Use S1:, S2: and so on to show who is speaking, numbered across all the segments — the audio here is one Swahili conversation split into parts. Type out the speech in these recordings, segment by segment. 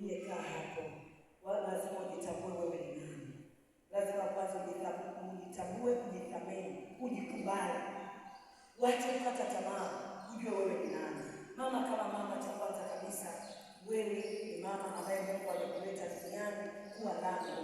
S1: uliyekaa hapo, lazima ujitambue wewe ni nani. Lazima kwanza ujitambue, ujithamini, ujikubali. Wacha kukata tamaa, ujue wewe ni nani. Mama kama mama, cha kwanza kabisa, wewe ni mama ambaye Mungu alikuleta duniani kuwa lango.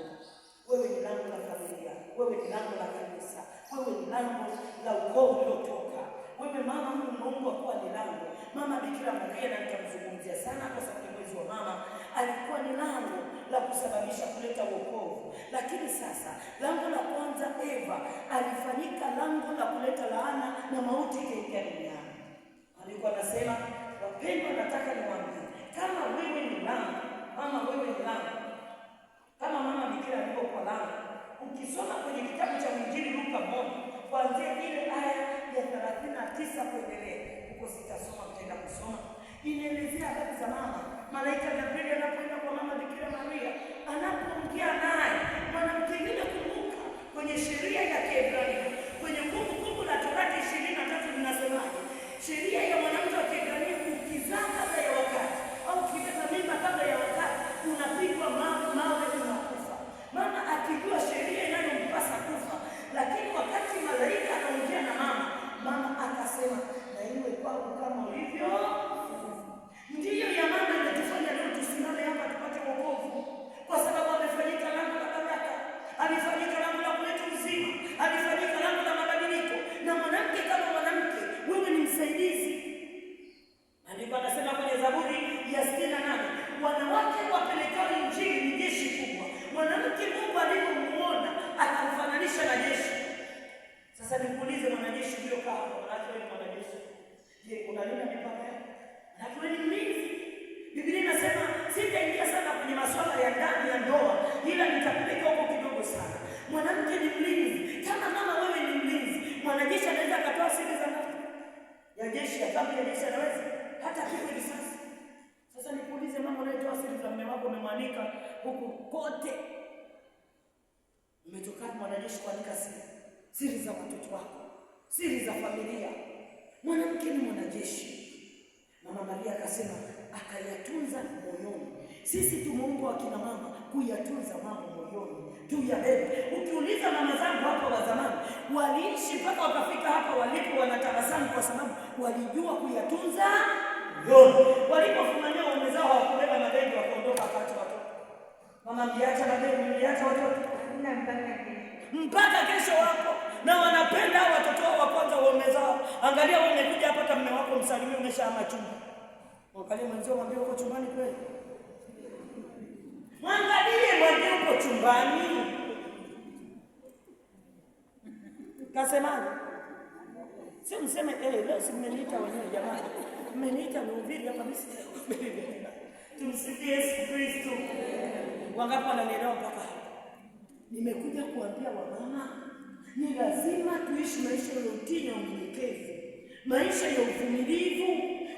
S1: Wewe ni lango la familia, wewe ni lango la kanisa, wewe ni lango la ukoo uliotoka. Wewe mama, Mungu akuwa ni lango. Mama Bikira Maria, na nitamzungumzia sana kwa sababu uzazi wa mama alikuwa ni lango la kusababisha kuleta wokovu, lakini sasa lango la kwanza Eva alifanyika lango la kuleta laana na mauti ikaingia duniani. Alikuwa anasema, wapendwa, nataka niwaambie kama wewe ni lango, mama wewe ni lango, kama mama Bikira kwa lango. Ukisoma kwenye kitabu cha Mwinjili Luka moja kuanzia ile aya ya thelathini na tisa kuendelea, huko sitasoma, mtaenda kusoma, inaelezea habari za mama malaika Gabrieli anapoenda kwa mama Bikira Maria, anapoongea naye mwanamke yule, kumbuka kwenye sheria ya Kiebrania, kwenye Kumbukumbu la Torati ishirini na tatu linasemaje? sheria
S2: Sasa nikuulize mwanajeshi huyo kama unaacha wewe mwanajeshi. Je, unalinda mipaka yako? Na kweli mlinzi. Biblia inasema sitaingia sana kwenye masuala ya ndani ya ndoa ila nitakupeleka huko kidogo sana. Mwanamke ni mlinzi. Kama mama wewe ni mlinzi, mwanajeshi anaweza akatoa siri za ndani Ya jeshi ya kambi ya jeshi anaweza hata kifo ni sasa. Sasa nikuulize mama unayetoa siri za mume wako umemwanika huko kote. Umetokana mwanajeshi kuandika siri siri za watoto wako, siri za familia. Mwanamke ni mwanajeshi. Mama Maria akasema akayatunza moyoni. Sisi tumeumbwa akina mama kuyatunza mambo moyoni, tuyabebe. Ukiuliza mama zangu hapo wa zamani waliishi mpaka wakafika hapa walipo, wanatabasamu kwa sababu walijua kuyatunza moyoni. Walipofumania waume zao hawakubeba madeni, wakaondoka, wakaacha watoto. Mama mliacha madeni, mliacha watoto, hakuna mpaka mpaka kesho wako na wanapenda watoto wao wa kwanza waume zao. Angalia wewe umekuja hapa, hata mme wako msalimie, umeshaama chumba. Mwangalie mwanzo, mwambie uko chumbani kweli. Mwangalie mwambie uko chumbani, kasema Si mseme eh, leo si mmeniita wenyewe jamani, mmeniita mhubiri hapa mimi. Tumsikie Yesu Kristo. Wangapi wananielewa mpaka Nimekuja kuambia wamama, ni lazima tuishi maisha ya utii na unyenyekevu, maisha ya uvumilivu.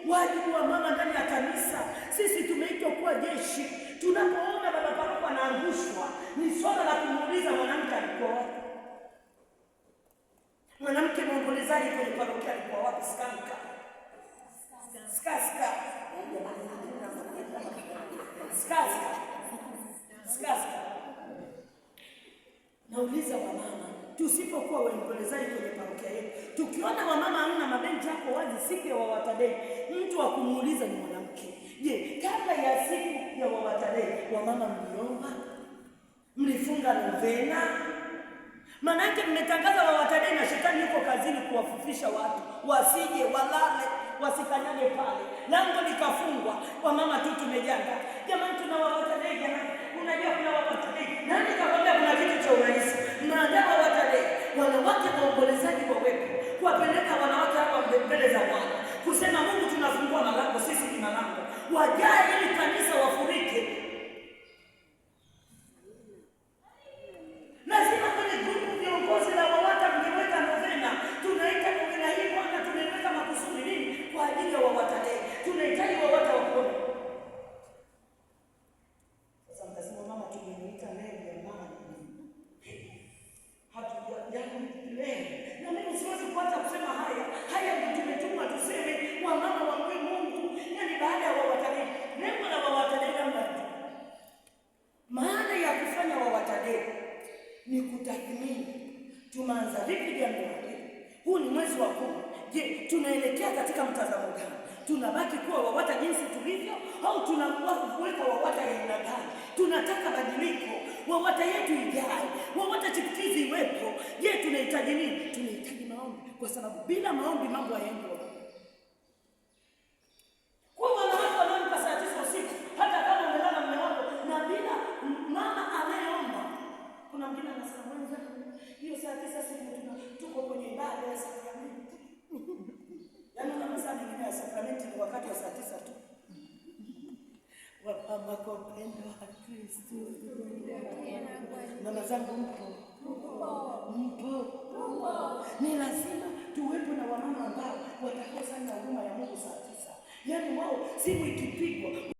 S2: Wajibu wa mama ndani ya kanisa, sisi tumeitwa kuwa jeshi. Tunapoona baba paroko anaangushwa, ni swala la kumuuliza mwanamke alikuwa wapi? Mwanamke mwombolezaji kwenye parokia alikuwa wapi? Sikamka Nauliza wamama, tusipokuwa waombolezaji kwenye parokia yetu, tukiona wamama hamna mabenki yako wazi siku ya wawatadei, mtu akumuuliza ni mwanamke. Je, kabla ya siku ya wawatadei wamama mliomba? Mlifunga novena? Maanake mmetangaza wawatadei na shetani yuko kazini kuwafufisha watu wasije walale wasikanyage pale, lango likafungwa, wamama tu tumejanga. Jamani, tuna wawatadei jamani, unajua kuna wawatadei wako wa Tadeo ni kutathmini tumeanza vipi Januari. Huu ni mwezi wa kumi. Je, tunaelekea katika mtazamo gani? Tunabaki kuwa WAWATA jinsi tulivyo au tunakuwa kuweka WAWATA ya aina gani? Tunataka badiliko. WAWATA yetu ijae, WAWATA chipukizi iwepo. Je, tunahitaji nini? Tunahitaji maombi, kwa sababu bila maombi mambo hayaendi. yaani kabisa mwingine ya sakramenti ni wakati wa saa tisa tu wapamba kwa upendo wa Kristo. Mama zangu, mpo
S3: mpo,
S2: ni lazima tuwepo na wamama ambao watakosa sana huruma ya Mungu saa tisa, yaani wao simu ikipigwa